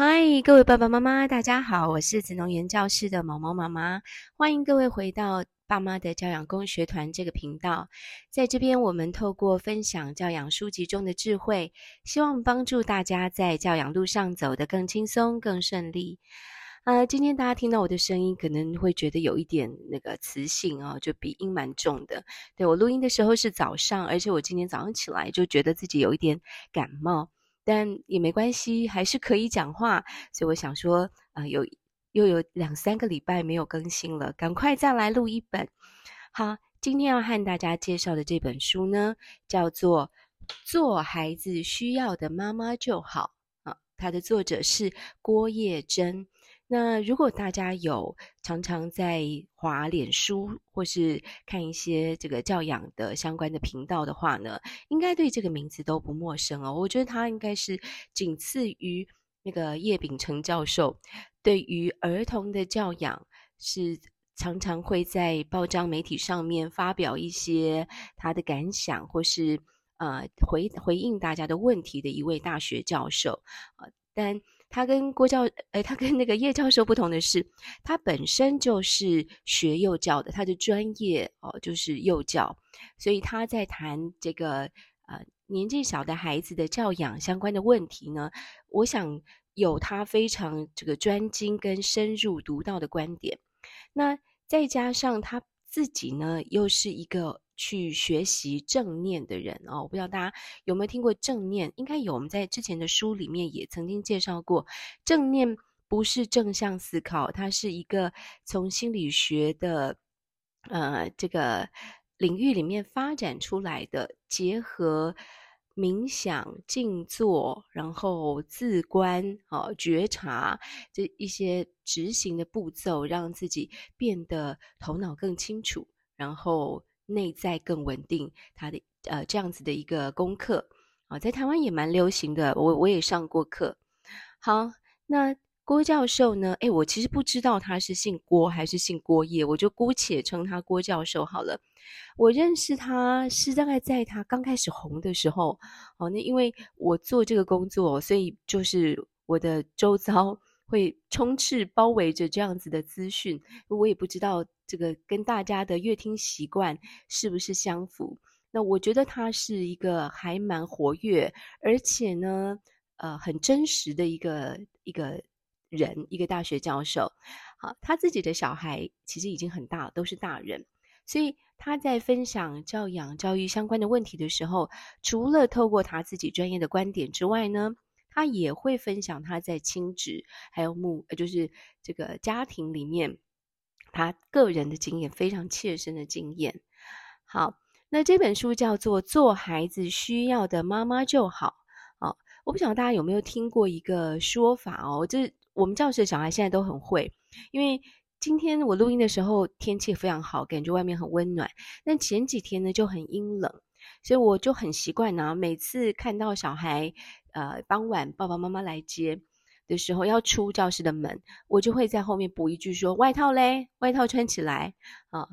嗨，Hi, 各位爸爸媽媽，大家好，我是子穠園教室的毛毛媽媽，歡迎各位回到爸媽的教養共學團這個頻道。在這邊，我們透過分享教養書籍中的智慧，希望幫助大家在教養路上走得更輕鬆、更順利。呃，今天大家聽到我的聲音，可能會覺得有一點那個磁性啊、哦，就鼻音蠻重的。對，我錄音的時候是早上，而且我今天早上起來就覺得自己有一點感冒。但也沒關係，還是可以講話。所以我想說，啊、呃，有又有兩三個禮拜沒有更新了，趕快再來錄一本。好，今天要和大家介紹的這本書呢，叫做《做孩子需要的媽媽就好》啊，它、呃、的作者是郭葉珍。那如果大家有常常在滑臉書或是看一些這個教養的相關的頻道的話呢，應該對這個名字都不陌生哦。我覺得他應該是僅次於那個葉丙成教授，對於兒童的教養，是常常會在報章媒體上面發表一些他的感想，或是呃回回應大家的問題的一位大學教授呃但。他跟郭教，誒、呃、他跟那個葉教授不同的是，他本身就是學幼教的，他的專業哦就是幼教，所以他在談這個呃年紀小的孩子的教養相關的問題呢，我想有他非常這個專精跟深入獨到的觀點，那再加上他自己呢又是一個。去學習正念的人哦，我不知道大家有沒有聽過正念？應該有。我們在之前的書裡面也曾經介紹過，正念不是正向思考，它是一個從心理學的呃這個領域裡面發展出來的，結合冥想、靜坐，然後自觀、哦覺察這一些執行的步驟，讓自己變得頭腦更清楚，然後。內在更穩定，他的呃這樣子的一個功課啊、哦，在台灣也蠻流行的，我我也上過課。好，那郭教授呢？哎、欸，我其實不知道他是姓郭還是姓郭葉，我就姑且稱他郭教授好了。我認識他是大概在他剛開始紅的時候哦，那因為我做這個工作，所以就是我的周遭。會充斥包圍着這樣子的資訊，我也不知道這個跟大家的閱聽習慣是不是相符。那我覺得他是一個還蠻活躍，而且呢，呃，很真實的一個，一個人，一個大學教授。好，他自己的小孩其實已經很大，都是大人，所以他在分享教養、教育相關的問題的時候，除了透過他自己專業的觀點之外呢。他也會分享他在親職還有母，就是這個家庭裡面他個人的經驗，非常切身的經驗。好，那這本書叫做《做孩子需要的媽媽就好》哦。我不曉得大家有沒有聽過一個說法哦？就是我們教室的小孩現在都很會，因為今天我錄音的時候天氣非常好，感覺外面很溫暖。但前幾天呢就很陰冷，所以我就很習慣呢，每次看到小孩。呃，傍晚爸爸媽媽來接的時候，要出教室的門，我就會在後面補一句說：“外套嘞，外套穿起來啊。”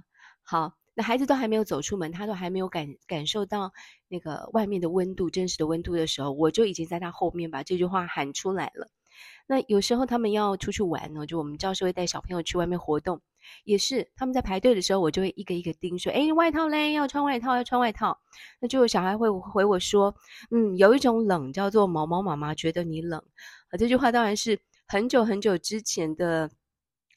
好，那孩子都還沒有走出門，他都還沒有感感受到那個外面的溫度、真實的溫度的時候，我就已經在他後面把這句話喊出來了。那有時候他們要出去玩呢、哦，就我們教室會帶小朋友去外面活動，也是他們在排隊的時候，我就會一個一個盯說：“誒，外套嘞，要穿外套，要穿外套。”那就有小孩會回我說：“嗯，有一種冷叫做‘毛毛媽媽’覺得你冷。”啊，這句話當然是很久很久之前的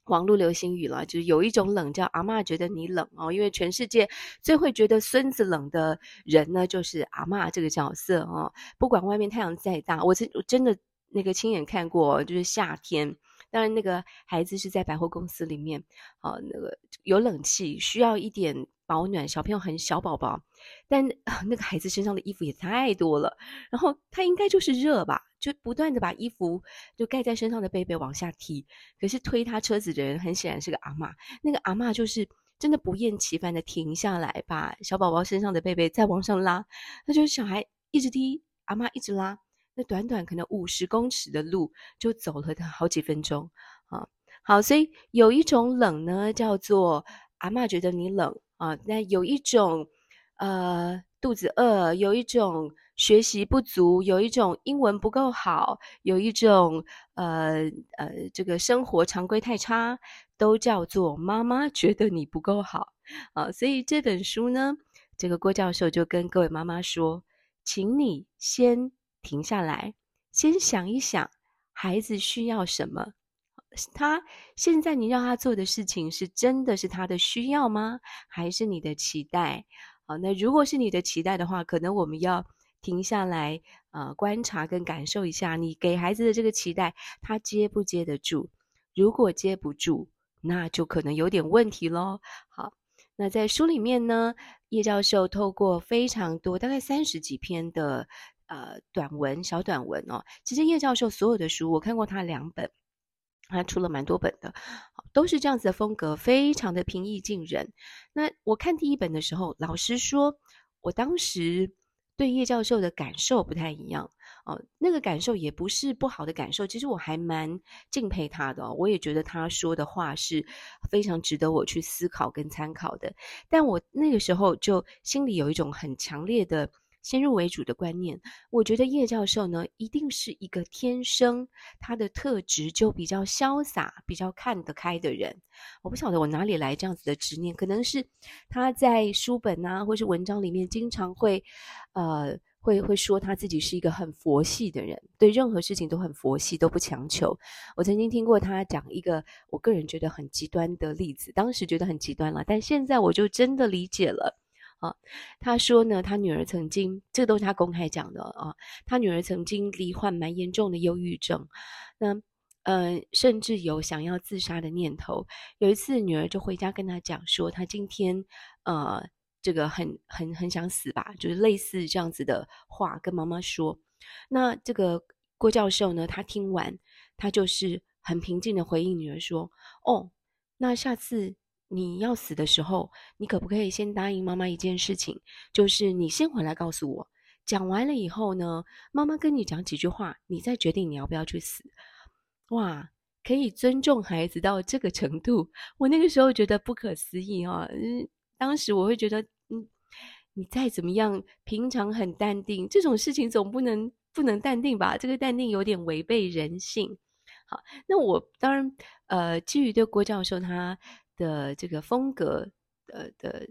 網絡流行語了，就是有一種冷叫‘阿嬤’覺得你冷哦。因為全世界最會覺得孫子冷的人呢，就是阿嬤這個角色哦。不管外面太陽再大，我真我真的。那個親眼看過，就是夏天，當然那個孩子是在百貨公司裡面，哦、呃，那個有冷氣，需要一點保暖。小朋友很小寶寶，但、呃、那個孩子身上的衣服也太多了，然後他應該就是熱吧，就不斷的把衣服就蓋在身上的被被，往下踢。可是推他車子的人很顯然是個阿嬤，那個阿嬤就是真的不厭其煩的停下來，把小寶寶身上的被被再往上拉。那就是小孩一直踢，阿嬤一直拉。那短短可能五十公尺的路，就走了了好幾分鐘啊！好，所以有一種冷呢，叫做阿嬤覺得你冷啊。那有一種，呃，肚子餓；有一種學習不足；有一種英文不夠好；有一種，呃呃，這個生活常規太差，都叫做媽媽覺得你不夠好啊。所以這本書呢，這個郭教授就跟各位媽媽說，請你先，停下來，先想一想，孩子需要什麼？他現在你讓他做的事情是真的是他的需要嗎？還是你的期待？好，那如果是你的期待的話，可能我們要停下來啊、呃，觀察跟感受一下，你給孩子的這個期待，他接不接得住？如果接不住，那就可能有點問題嘍。好，那在書裡面呢，葉教授透過非常多，大概三十幾篇的。呃，短文、小短文哦，其實葉教授所有的書我看過他兩本，他出了蠻多本的，都是這樣子的風格，非常的平易近人。那我看第一本的時候，老實說，我當時對葉教授的感受不太一樣哦，那個感受也不是不好的感受，其實我還蠻敬佩他的哦，我也覺得他說的話是非常值得我去思考跟參考的。但我那個時候就心裡有一種很強烈的。先入為主的觀念，我覺得葉教授呢，一定是一個天生他的特質就比較瀟灑、比較看得開的人。我不曉得我哪裡來這樣子的執念，可能是他在書本啊，或是文章裡面經常會，呃，會會說他自己是一個很佛系的人，對任何事情都很佛系，都不強求。我曾經聽過他講一個我個人覺得很極端的例子，當時覺得很極端了，但現在我就真的理解了。啊，他說呢，他女兒曾經，這都是他公開講的啊。他女兒曾經罹患蠻嚴重的憂鬱症，那，呃，甚至有想要自殺的念頭。有一次，女兒就回家跟他講說，她今天，呃，這個很很很想死吧，就是類似這樣子的話跟媽媽說。那這個郭教授呢，他聽完，他就是很平靜的回應女兒說，哦，那下次。你要死的時候，你可不可以先答應媽媽一件事情，就是你先回來告訴我。講完了以後呢，媽媽跟你講幾句話，你再決定你要不要去死。哇，可以尊重孩子到這個程度，我那個時候覺得不可思議啊！嗯，當時我會覺得，嗯，你再怎麼樣，平常很淡定，這種事情總不能不能淡定吧？這個淡定有點違背人性。好，那我當然，呃，基於對郭教授他。的這個風格的，呃、的，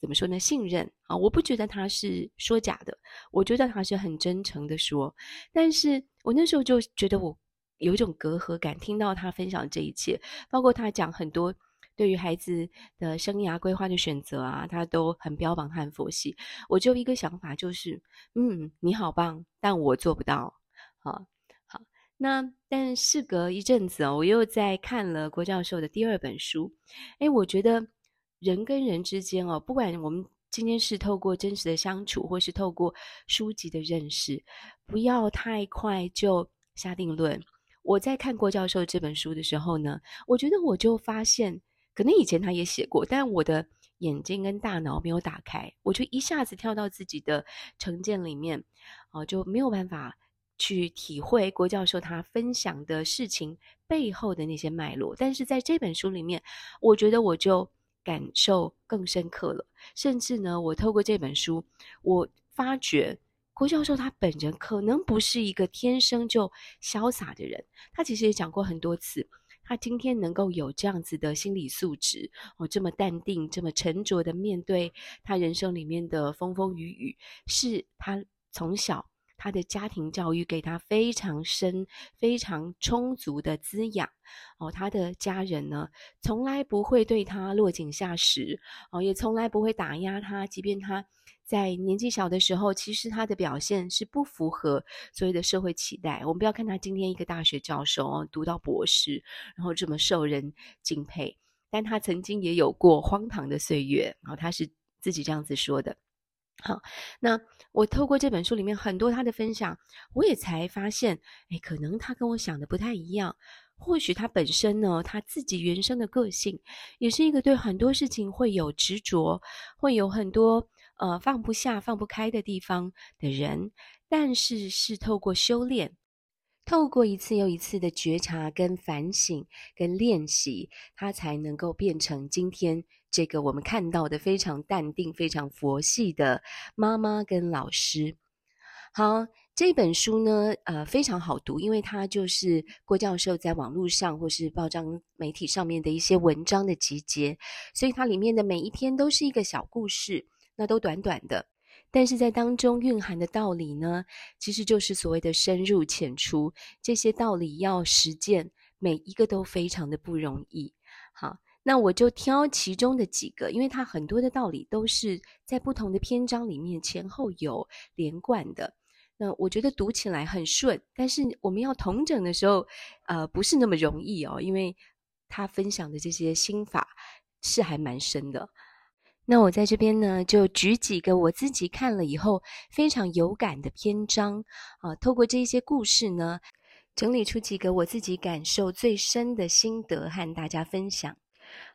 怎麼說呢？信任啊，我不覺得他是說假的，我覺得他是很真誠的說。但是我那時候就覺得我有一種隔閡感，聽到他分享這一切，包括他講很多對於孩子的生涯規劃的選擇啊，他都很標榜，他很佛系。我只有一個想法，就是，嗯，你好棒，但我做不到，啊。那但事隔一陣子哦，我又在看了郭教授的第二本書，誒，我覺得人跟人之間哦，不管我們今天是透過真實的相處，或是透過書籍的認識，不要太快就下定論。我在看郭教授這本書的時候呢，我覺得我就發現，可能以前他也寫過，但我的眼睛跟大腦沒有打開，我就一下子跳到自己的成見裡面，哦，啊，就沒有辦法。去體會郭教授他分享的事情背後的那些脈絡，但是在這本書裡面，我覺得我就感受更深刻了。甚至呢，我透過這本書，我發覺郭教授他本人可能不是一個天生就瀟灑的人。他其實也講過很多次，他今天能夠有這樣子的心理素質，我、哦、這麼淡定、這麼沉着的面對他人生裡面的風風雨雨，是他從小。他的家庭教育給他非常深、非常充足的滋養哦。他的家人呢，從來不會對他落井下石哦，也從來不會打壓他。即便他在年紀小的時候，其實他的表現是不符合所謂的社會期待。我們不要看他今天一個大學教授哦，讀到博士，然後這麼受人敬佩，但他曾經也有過荒唐的歲月哦。他是自己這樣子說的。好，那我透過這本書裡面很多他的分享，我也才發現，誒，可能他跟我想的不太一樣，或許他本身呢，他自己原生的個性，也是一個對很多事情會有執着，會有很多呃放不下、放不開的地方的人，但是是透過修煉。透過一次又一次的覺察、跟反省、跟練習，他才能夠變成今天這個我們看到的非常淡定、非常佛系的媽媽跟老師。好，這本書呢，呃，非常好讀，因為它就是郭教授在網絡上或是報章媒體上面的一些文章的集結，所以它裡面的每一篇都是一個小故事，那都短短的。但是在當中蘊含的道理呢，其實就是所謂的深入淺出。這些道理要實踐，每一個都非常的不容易。好，那我就挑其中的幾個，因為它很多的道理都是在不同的篇章裡面前後有連貫的。那我覺得讀起來很順，但是我們要統整的時候，呃，不是那麼容易哦，因為他分享的這些心法是還蠻深的。那我在這邊呢，就舉幾個我自己看了以後非常有感的篇章啊，透過這些故事呢，整理出幾個我自己感受最深的心得和大家分享。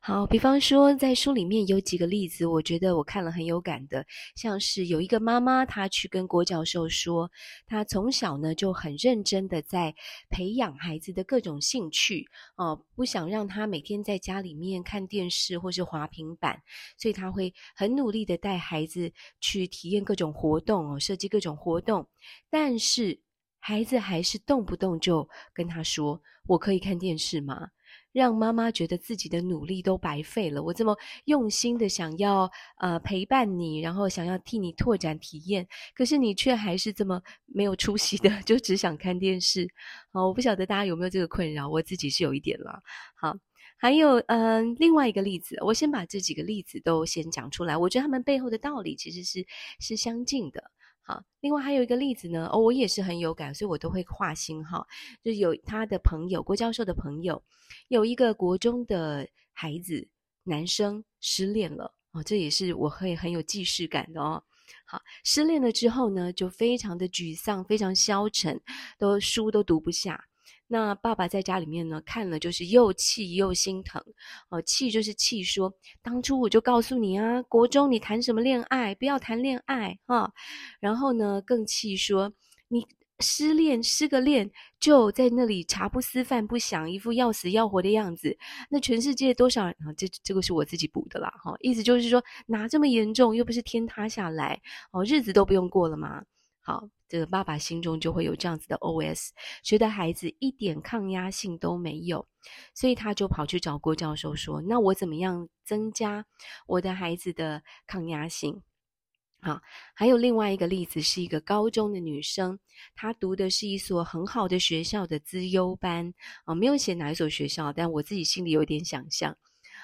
好，比方說，在書裡面有幾個例子，我覺得我看了很有感的，像是有一個媽媽，她去跟郭教授說，她從小呢就很認真的在培養孩子的各種興趣，哦、呃，不想讓他每天在家裡面看電視或是滑平板，所以他會很努力的帶孩子去體驗各種活動，哦，設計各種活動，但是孩子還是動不動就跟他說：“我可以看電視嗎？”讓媽媽覺得自己的努力都白費了，我這麼用心的想要呃陪伴你，然後想要替你拓展體驗，可是你卻還是這麼沒有出息的，就只想看電視。好，我不曉得大家有沒有這個困擾，我自己是有一點了。好，還有嗯，呃，另外一個例子，我先把這幾個例子都先講出來，我覺得他們背後的道理其實是是相近的。好，另外還有一個例子呢，哦，我也是很有感，所以我都會畫星號。就是、有他的朋友，郭教授的朋友，有一個國中的孩子，男生失戀了，哦，這也是我會很有既視感的哦。好，失戀了之後呢，就非常的沮喪，非常消沉，都書都讀不下。那爸爸在家裡面呢，看了就是又氣又心疼，哦，氣就是氣說，說當初我就告訴你啊，國中你談什麼戀愛，不要談戀愛哈、哦，然後呢更氣說你失戀失個戀就在那裡茶不思飯不想，一副要死要活的樣子，那全世界多少人、哦，這這個是我自己補的啦，哈、哦，意思就是說哪這麼嚴重，又不是天塌下來哦，日子都不用過了嘛，好。的爸爸心中就會有這樣子的 OS，覺得孩子一點抗壓性都沒有，所以他就跑去找郭教授說：“那我怎麼樣增加我的孩子的抗壓性？”好、啊，還有另外一個例子，是一個高中的女生，她讀的是一所很好的學校的資優班啊，沒有寫哪一所學校，但我自己心裡有點想象。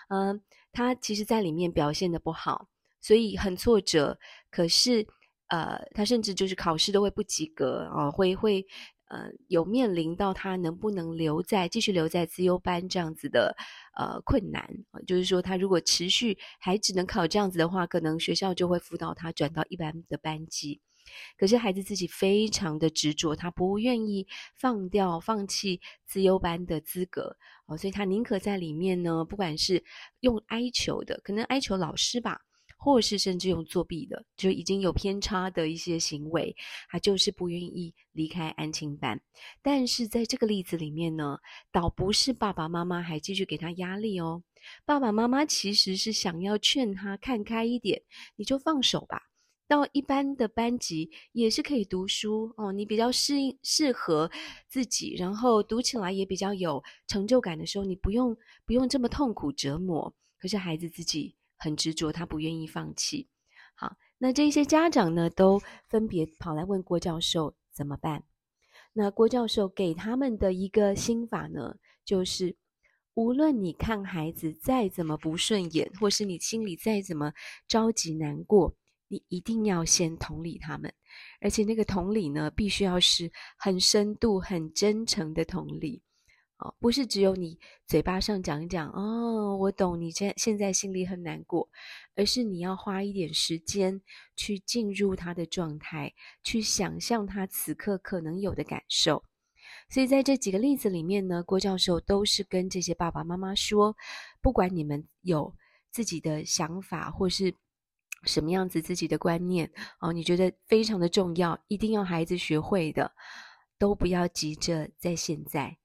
嗯，她其實在裡面表現的不好，所以很挫折，可是。呃，他甚至就是考試都會不及格啊，會、呃、會，呃，有面臨到他能不能留在繼續留在資優班這樣子的，呃，困難、呃、就是說他如果持續還只能考這樣子的話，可能學校就會輔導他轉到一般的班級。可是孩子自己非常的執着，他不願意放掉放棄資優班的資格哦、呃，所以他寧可在裡面呢，不管是用哀求的，可能哀求老師吧。或是甚至用作弊的，就已經有偏差的一些行為，他就是不願意離開安親班。但是在這個例子裡面呢，倒不是爸爸媽媽還繼續給他壓力哦，爸爸媽媽其實是想要勸他看開一點，你就放手吧。到一般的班級也是可以讀書哦，你比較適應適合自己，然後讀起來也比較有成就感的時候，你不用不用這麼痛苦折磨。可是孩子自己，很執着，他不願意放棄。好，那這些家長呢，都分別跑來問郭教授怎麼辦。那郭教授給他們的一個心法呢，就是無論你看孩子再怎麼不順眼，或是你心裡再怎麼着急難過，你一定要先同理他們。而且那個同理呢，必須要是很深度、很真誠的同理。不是只有你嘴巴上講一講，哦，我懂你現現在心裡很難過，而是你要花一點時間去進入他的狀態，去想象他此刻可能有的感受。所以在這幾個例子裡面呢，郭教授都是跟這些爸爸媽媽說，不管你們有自己的想法，或是什麼樣子自己的觀念，哦，你覺得非常的重要，一定要孩子學會的，都不要急着在現在。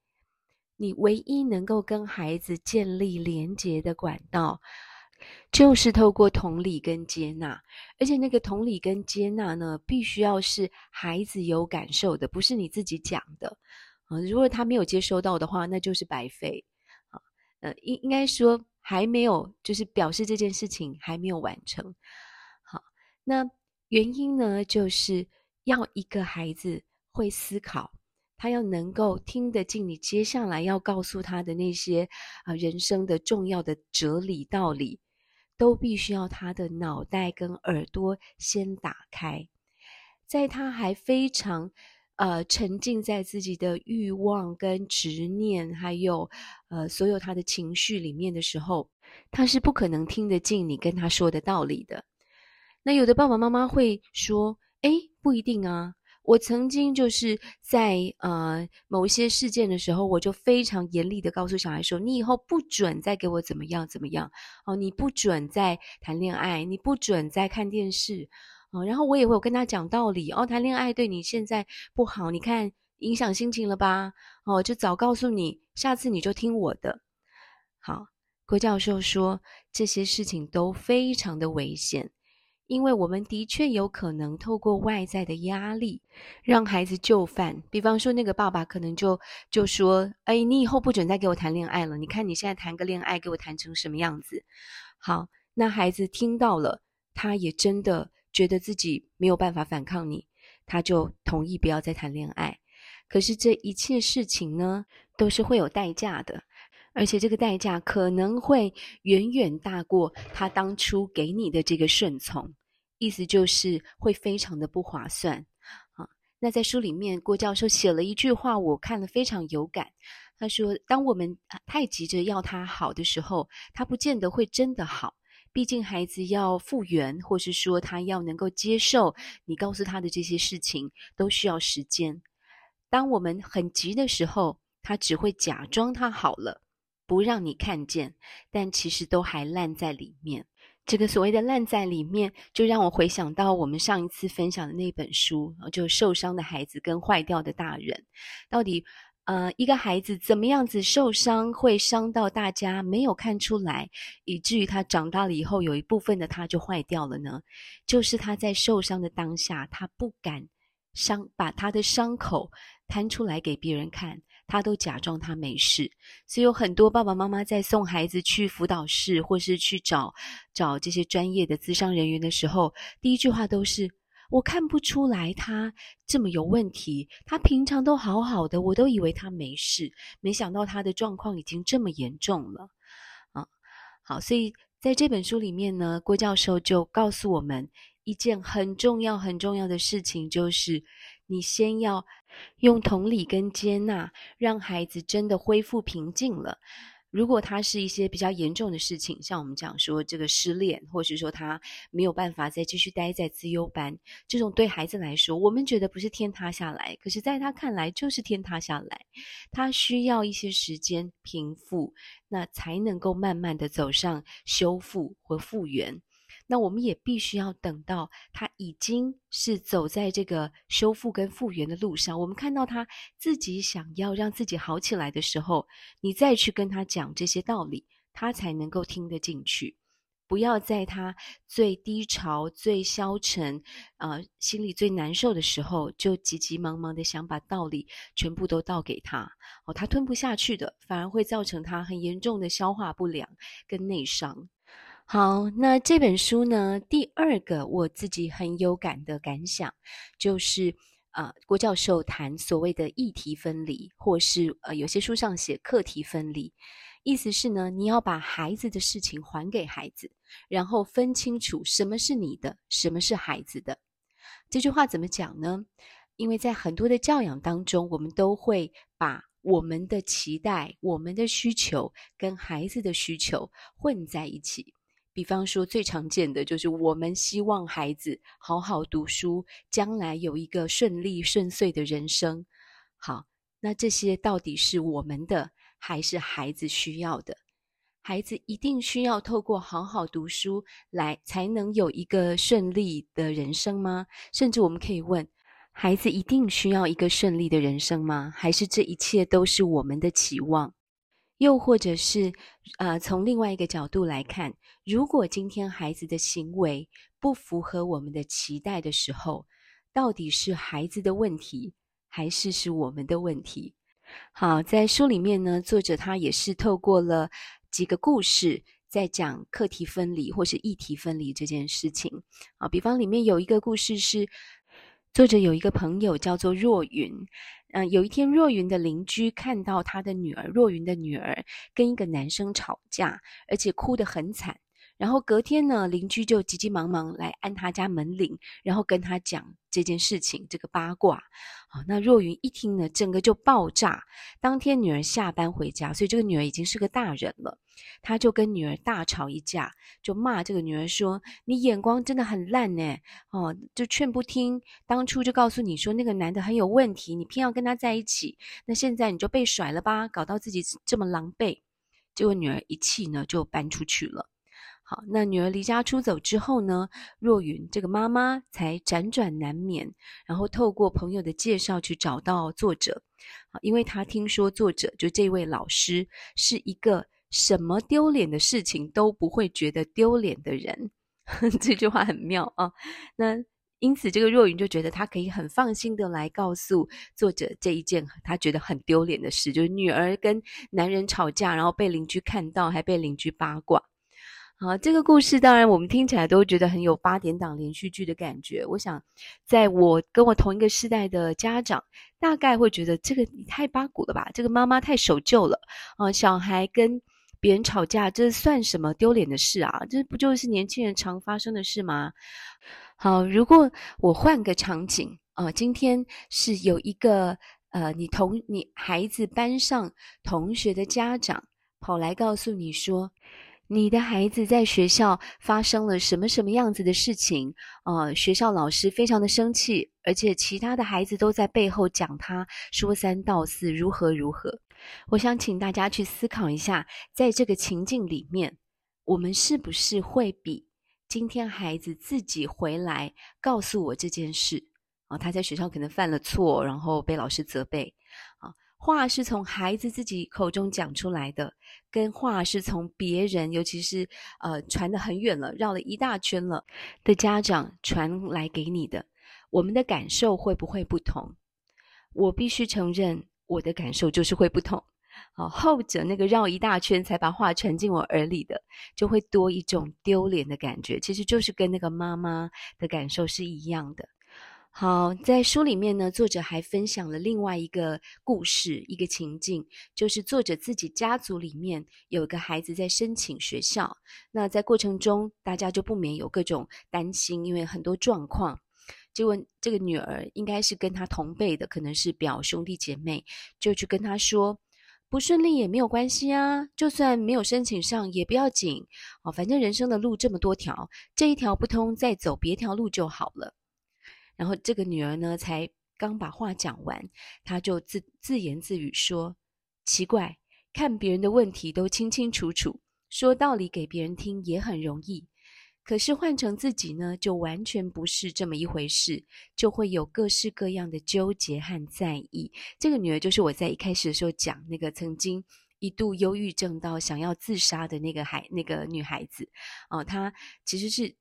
你唯一能夠跟孩子建立連結的管道，就是透過同理跟接納，而且那個同理跟接納呢，必須要是孩子有感受的，不是你自己講的。嗯，如果他沒有接收到的話，那就是白費。呃，嗯，應應該說還沒有，就是表示這件事情還沒有完成。好，那原因呢，就是要一個孩子會思考。他要能夠聽得進你接下來要告訴他的那些啊，呃，人生的重要的哲理道理，都必須要他的腦袋跟耳朵先打開，在他還非常呃沉浸在自己的慾望跟執念，還有呃所有他的情緒裡面的時候，他是不可能聽得進你跟他說的道理的。那有的爸爸媽媽會說：“哎，不一定啊。”我曾經就是在呃某一些事件的時候，我就非常嚴厲的告訴小孩說：“你以後不准再給我怎麼樣怎麼樣哦，你不准再談戀愛，你不准再看電視哦。”然後我也會有跟他講道理哦，談戀愛對你現在不好，你看影響心情了吧？哦，就早告訴你，下次你就聽我的。好，郭教授說這些事情都非常的危險。因為我們的確有可能透過外在的壓力讓孩子就範，比方說那個爸爸可能就就說：“哎，你以後不准再給我談戀愛了，你看你現在談個戀愛給我談成什麼樣子。”好，那孩子聽到了，他也真的覺得自己沒有辦法反抗你，他就同意不要再談戀愛。可是這一切事情呢，都是會有代價的，而且這個代價可能會遠遠大過他當初給你的這個順從。意思就是會非常的不划算啊！那在書裡面，郭教授寫了一句話，我看了非常有感。他說：“當我們太急着要他好的時候，他不見得會真的好。畢竟孩子要復原，或是說他要能夠接受你告訴他的這些事情，都需要時間。當我們很急的時候，他只會假裝他好了，不讓你看見，但其實都還爛在裡面。”這個所謂的爛在裡面，就讓我回想到我們上一次分享的那本書，就《受傷的孩子跟壞掉的大人》，到底，呃，一個孩子怎麼樣子受傷會傷到大家沒有看出來，以至於他長大了以後有一部分的他就壞掉了呢？就是他在受傷的當下，他不敢傷，把他的傷口攤出來給別人看。他都假裝他沒事，所以有很多爸爸媽媽在送孩子去輔導室，或是去找找這些專業的諮商人員的時候，第一句話都是：“我看不出來他這麼有問題，他平常都好好的，我都以為他沒事，沒想到他的狀況已經這麼嚴重了。”啊，好，所以在這本書裡面呢，郭教授就告訴我們一件很重要、很重要的事情，就是，你先要用同理跟接納，讓孩子真的恢復平靜了。如果他是一些比較嚴重的事情，像我們講說這個失戀，或是說他沒有辦法再繼續待在資優班，這種對孩子來說，我們覺得不是天塌下來，可是在他看來就是天塌下來。他需要一些時間平復，那才能夠慢慢的走上修復和復原。那我們也必須要等到他已經是走在這個修復跟復原的路上，我們看到他自己想要讓自己好起來的時候，你再去跟他講這些道理，他才能夠聽得進去。不要在他最低潮、最消沉、啊、呃，心裡最難受的時候，就急急忙忙的想把道理全部都倒給他，哦，他吞不下去的，反而會造成他很嚴重的消化不良跟內傷。好，那這本書呢，第二個我自己很有感的感想就是，啊、呃，郭教授談所謂的議題分離，或是呃，有些書上寫課題分離，意思是呢，你要把孩子的事情還給孩子，然後分清楚什麼是你的，什麼是孩子的。這句話怎麼講呢？因為在很多的教養當中，我們都會把我們的期待、我們的需求跟孩子的需求混在一起。比方說，最常見的就是我們希望孩子好好讀書，將來有一個順利順遂的人生。好，那這些到底是我們的，還是孩子需要的？孩子一定需要透過好好讀書來才能有一個順利的人生嗎？甚至我們可以問，孩子一定需要一個順利的人生嗎？還是這一切都是我們的期望？又或者是，呃，從另外一個角度來看，如果今天孩子的行為不符合我們的期待的時候，到底是孩子的問題，還是是我們的問題？好，在書裡面呢，作者他也是透過了幾個故事，在講課題分離或是議題分離這件事情。啊，比方裡面有一個故事是。作者有一個朋友叫做若雲，嗯、呃，有一天若雲的鄰居看到她的女兒，若雲的女兒跟一個男生吵架，而且哭得很慘。然後隔天呢，鄰居就急急忙忙來按他家門鈴，然後跟他講這件事情，這個八卦。好、哦，那若雲一聽呢，整個就爆炸。當天女兒下班回家，所以這個女兒已經是個大人了，她就跟女兒大吵一架，就罵這個女兒說：“你眼光真的很爛呢、欸，哦，就勸不聽。當初就告訴你說那個男的很有問題，你偏要跟他在一起，那現在你就被甩了吧，搞到自己這麼狼狽。”結果女兒一氣呢，就搬出去了。好，那女兒離家出走之後呢，若雲這個媽媽才輾轉難眠，然後透過朋友的介紹去找到作者，因為她聽說作者就這位老師是一個什麼丟臉的事情都不會覺得丟臉的人， 這句話很妙啊。那因此，這個若雲就覺得她可以很放心的來告訴作者這一件她覺得很丟臉的事，就是女兒跟男人吵架，然後被鄰居看到，還被鄰居八卦。好、啊，這個故事當然我們聽起來都會覺得很有八點檔連續劇的感覺。我想，在我跟我同一個世代的家長，大概會覺得這個你太八股了吧？這個媽媽太守舊了啊！小孩跟別人吵架，這算什麼丟臉的事啊？這不就是年輕人常發生的事嗎？好，如果我換個場景啊，今天是有一個呃，你同你孩子班上同學的家長跑來告訴你說你的孩子在學校發生了什麼什麼樣子的事情？啊、呃，學校老師非常的生氣，而且其他的孩子都在背後講他，說三道四，如何如何。我想請大家去思考一下，在這個情境裡面，我們是不是會比今天孩子自己回來告訴我這件事，啊，他在學校可能犯了錯，然後被老師責備，啊。話是從孩子自己口中講出來的，跟話是從別人，尤其是呃傳得很遠了、繞了一大圈了的家長傳來給你的，我們的感受會不會不同？我必須承認，我的感受就是會不同。啊，後者那個繞一大圈才把話傳進我耳裡的，就會多一種丟臉的感覺，其實就是跟那個媽媽的感受是一樣的。好，在書裡面呢，作者還分享了另外一個故事，一個情境，就是作者自己家族裡面有一個孩子在申請學校，那在過程中，大家就不免有各種擔心，因為很多狀況，結果這個女兒應該是跟他同輩的，可能是表兄弟姐妹，就去跟他說，不順利也沒有關係啊，就算沒有申請上也不要緊哦，反正人生的路這麼多條，這一條不通，再走別條路就好了。然後這個女兒呢，才剛把話講完，她就自自言自語說：“奇怪，看別人的問題都清清楚楚，說道理給別人聽也很容易，可是換成自己呢，就完全不是這麼一回事，就會有各式各樣的糾結和在意。”這個女兒就是我在一開始的時候講那個曾經一度憂鬱症到想要自殺的那個孩那個女孩子，哦、呃，她其實是。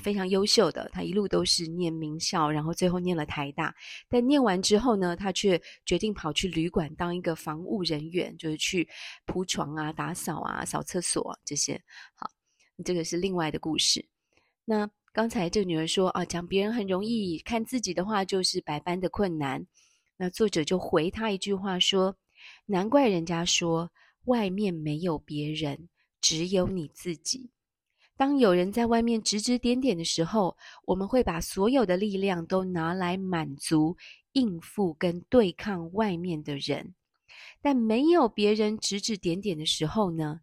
非常優秀的，他一路都是念名校，然後最後念了台大。但念完之後呢，他卻決定跑去旅館當一個服務人員，就是去鋪床啊、打掃啊、掃廁所、啊、這些。好，這個是另外的故事。那剛才這個女人說啊，講別人很容易，看自己的話就是百般的困難。那作者就回他一句話說：難怪人家說，外面沒有別人，只有你自己。當有人在外面指指點點的時候，我們會把所有的力量都拿來滿足、應付跟對抗外面的人。但沒有別人指指點點的時候呢，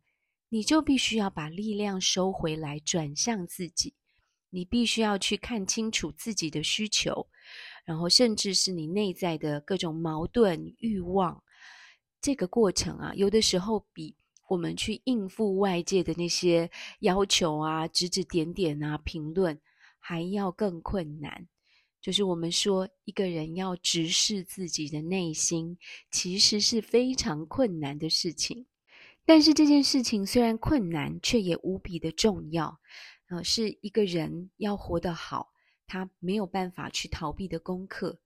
你就必須要把力量收回來，轉向自己。你必須要去看清楚自己的需求，然後甚至是你內在的各種矛盾、慾望。這個過程啊，有的時候比。我們去應付外界的那些要求啊、指指點點啊、評論，還要更困難。就是我們說，一個人要直視自己的內心，其實是非常困難的事情。但是這件事情雖然困難，卻也無比的重要。呃，是一個人要活得好，他沒有辦法去逃避的功課。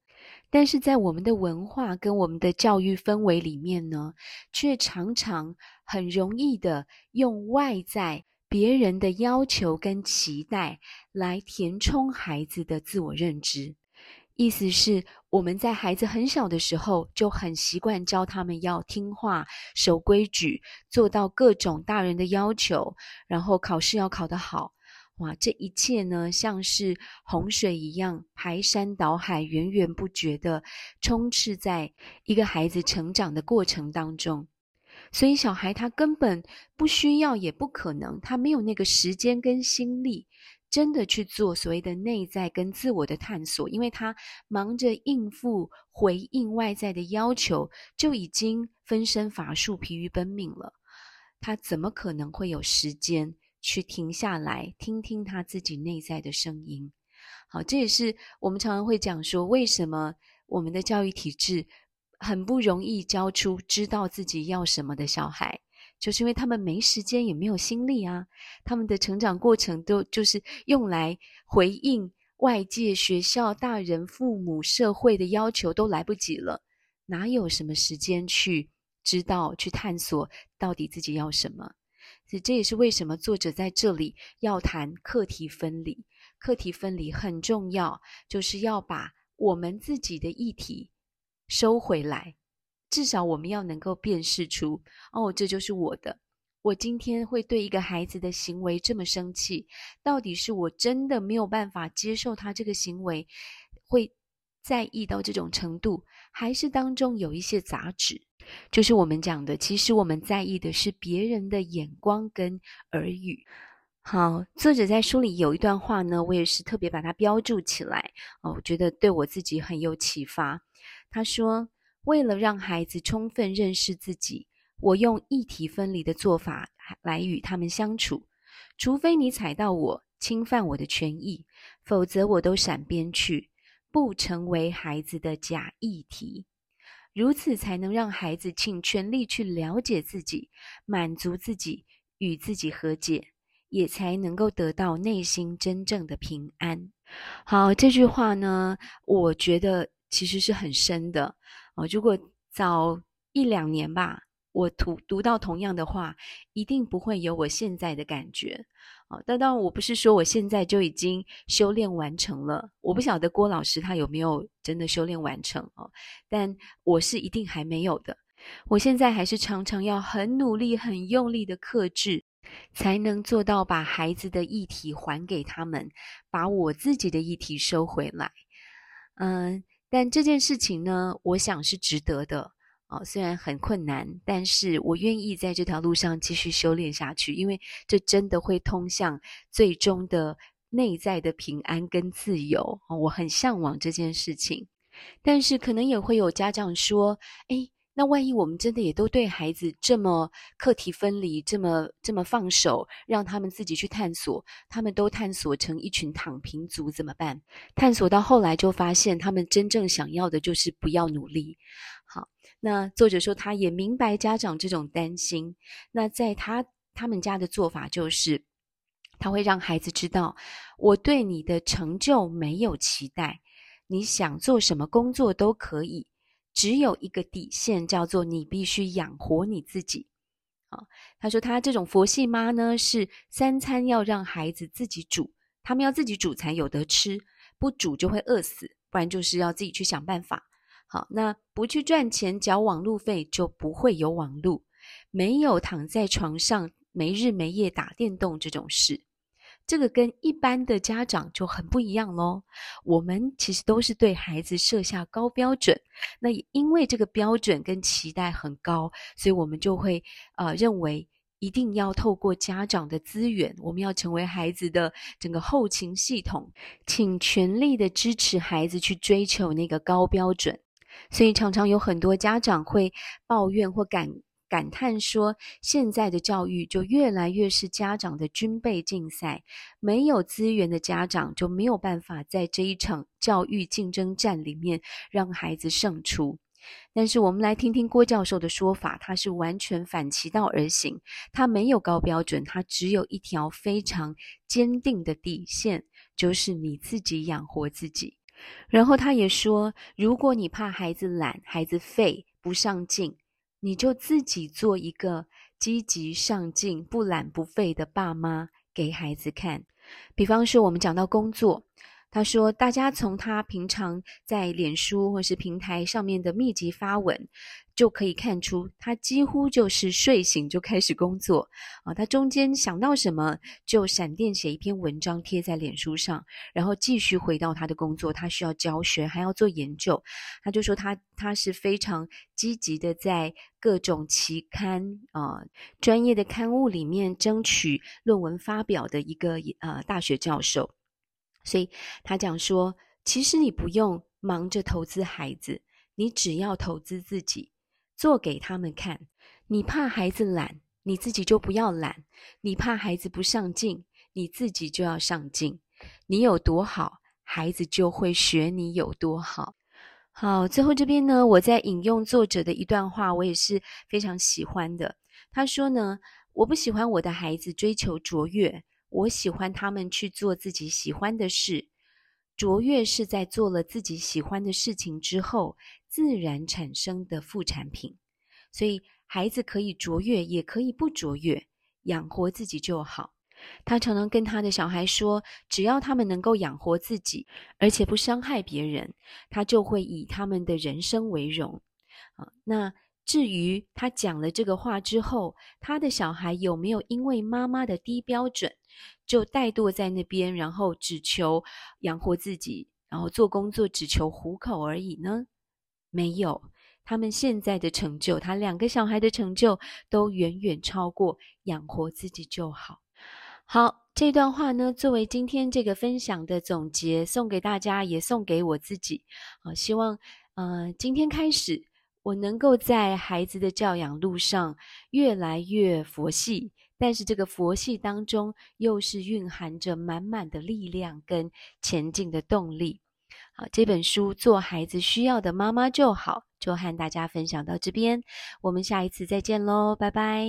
但是在我們的文化跟我們的教育氛圍裡面呢，卻常常很容易的用外在別人的要求跟期待來填充孩子的自我認知。意思是我們在孩子很小的時候就很習慣教他們要聽話、守規矩、做到各種大人的要求，然後考試要考得好。哇，這一切呢，像是洪水一樣排山倒海、源源不絕的充斥在一個孩子成長的過程當中。所以，小孩他根本不需要，也不可能，他沒有那個時間跟心力，真的去做所謂的內在跟自我的探索，因為他忙着應付回應外在的要求，就已經分身乏術、疲於奔命了。他怎麼可能會有時間？去停下來，聽聽他自己內在的聲音。好，這也是我們常常會講說，為什麼我們的教育體制很不容易教出知道自己要什麼的小孩，就是因為他們沒時間，也沒有心力啊。他們的成長過程都就是用來回應外界、學校、大人、父母、社會的要求，都來不及了，哪有什麼時間去知道、去探索到底自己要什麼？這也是為什麼作者在這裡要談課題分離。課題分離很重要，就是要把我們自己的議題收回來。至少我們要能夠辨識出，哦，這就是我的。我今天會對一個孩子的行為這麼生氣，到底是我真的沒有辦法接受他這個行為，會在意到這種程度，還是當中有一些雜質，就是我們講的，其實我們在意的是別人的眼光跟耳語。好，作者在書裡有一段話呢，我也是特別把它標注起來哦，我覺得對我自己很有啟發。他說：“為了讓孩子充分認識自己，我用議題分離的做法來與他們相處，除非你踩到我，侵犯我的權益，否則我都閃邊去。”不成為孩子的假議題，如此才能讓孩子盡全力去了解自己、滿足自己、與自己和解，也才能夠得到內心真正的平安。好，這句話呢，我覺得其實是很深的啊，哦，如果早一兩年吧。我讀讀到同樣的話，一定不會有我現在的感覺啊，哦！但當然，我不是說我現在就已經修煉完成了。我不曉得郭老師他有沒有真的修煉完成哦，但我是一定還沒有的。我現在還是常常要很努力、很用力的克制，才能做到把孩子的議題還給他們，把我自己的議題收回來。嗯，但這件事情呢，我想是值得的。哦，雖然很困難，但是我願意在這條路上繼續修煉下去，因為這真的會通向最終的內在的平安跟自由。哦，我很嚮往這件事情，但是可能也會有家長說：“誒，那萬一我們真的也都對孩子這麼課題分離，這麼這麼放手，讓他們自己去探索，他們都探索成一群躺平族怎麼辦？探索到後來就發現，他們真正想要的就是不要努力。”好。那作者說，他也明白家長這種擔心。那在他他們家的做法就是，他會讓孩子知道，我對你的成就沒有期待，你想做什麼工作都可以，只有一個底線，叫做你必須養活你自己。啊、哦，他說他這種佛系媽呢，是三餐要讓孩子自己煮，他們要自己煮才有得吃，不煮就會餓死，不然就是要自己去想辦法。好，那不去賺錢繳網路費，就不會有網路，沒有躺在床上沒日沒夜打電動這種事，這個跟一般的家長就很不一樣嘍。我們其實都是對孩子設下高標準，那也因為這個標準跟期待很高，所以我們就會呃認為一定要透過家長的資源，我們要成為孩子的整個後勤系統，請全力的支持孩子去追求那個高標準。所以常常有很多家長會抱怨或感感嘆說，現在的教育就越來越是家長的軍備競賽，沒有資源的家長就沒有辦法在這一場教育競爭戰裡面讓孩子勝出。但是我們來聽聽郭教授的說法，他是完全反其道而行，他沒有高標準，他只有一條非常堅定的底線，就是你自己養活自己。然後他也說，如果你怕孩子懶、孩子廢、不上進，你就自己做一個積極上進、不懶不廢的爸媽給孩子看。比方說，我們講到工作。他說：“大家從他平常在臉書或是平台上面的密集發文，就可以看出，他幾乎就是睡醒就開始工作啊、呃。他中間想到什麼，就閃電寫一篇文章貼在臉書上，然後繼續回到他的工作。他需要教學，還要做研究。他就說他，他他是非常積極的，在各種期刊啊、呃、專業的刊物裡面爭取論文發表的一個呃大學教授。”所以他講說，其實你不用忙着投資孩子，你只要投資自己，做給他們看。你怕孩子懶，你自己就不要懶；你怕孩子不上進，你自己就要上進。你有多好，孩子就會學你有多好。好，最後這邊呢，我再引用作者的一段話，我也是非常喜歡的。他說呢，我不喜歡我的孩子追求卓越。我喜歡他們去做自己喜歡的事，卓越是在做了自己喜歡的事情之後自然產生的副產品。所以，孩子可以卓越，也可以不卓越，養活自己就好。他常常跟他的小孩說，只要他們能夠養活自己，而且不傷害別人，他就會以他們的人生為榮。啊，那。至於他講了這個話之後，他的小孩有沒有因為媽媽的低標準，就怠惰，在那邊，然後只求養活自己，然後做工作只求糊口而已呢？沒有，他們現在的成就，他兩個小孩的成就都遠遠超過養活自己就好。好，這段話呢，作為今天這個分享的總結，送給大家，也送給我自己。好，呃，希望，呃，今天開始。我能夠在孩子的教養路上越來越佛系，但是這個佛系當中又是蘊含着滿滿的力量跟前進的動力。好，這本書《做孩子需要的媽媽就好》就和大家分享到這邊，我們下一次再見嘍，拜拜。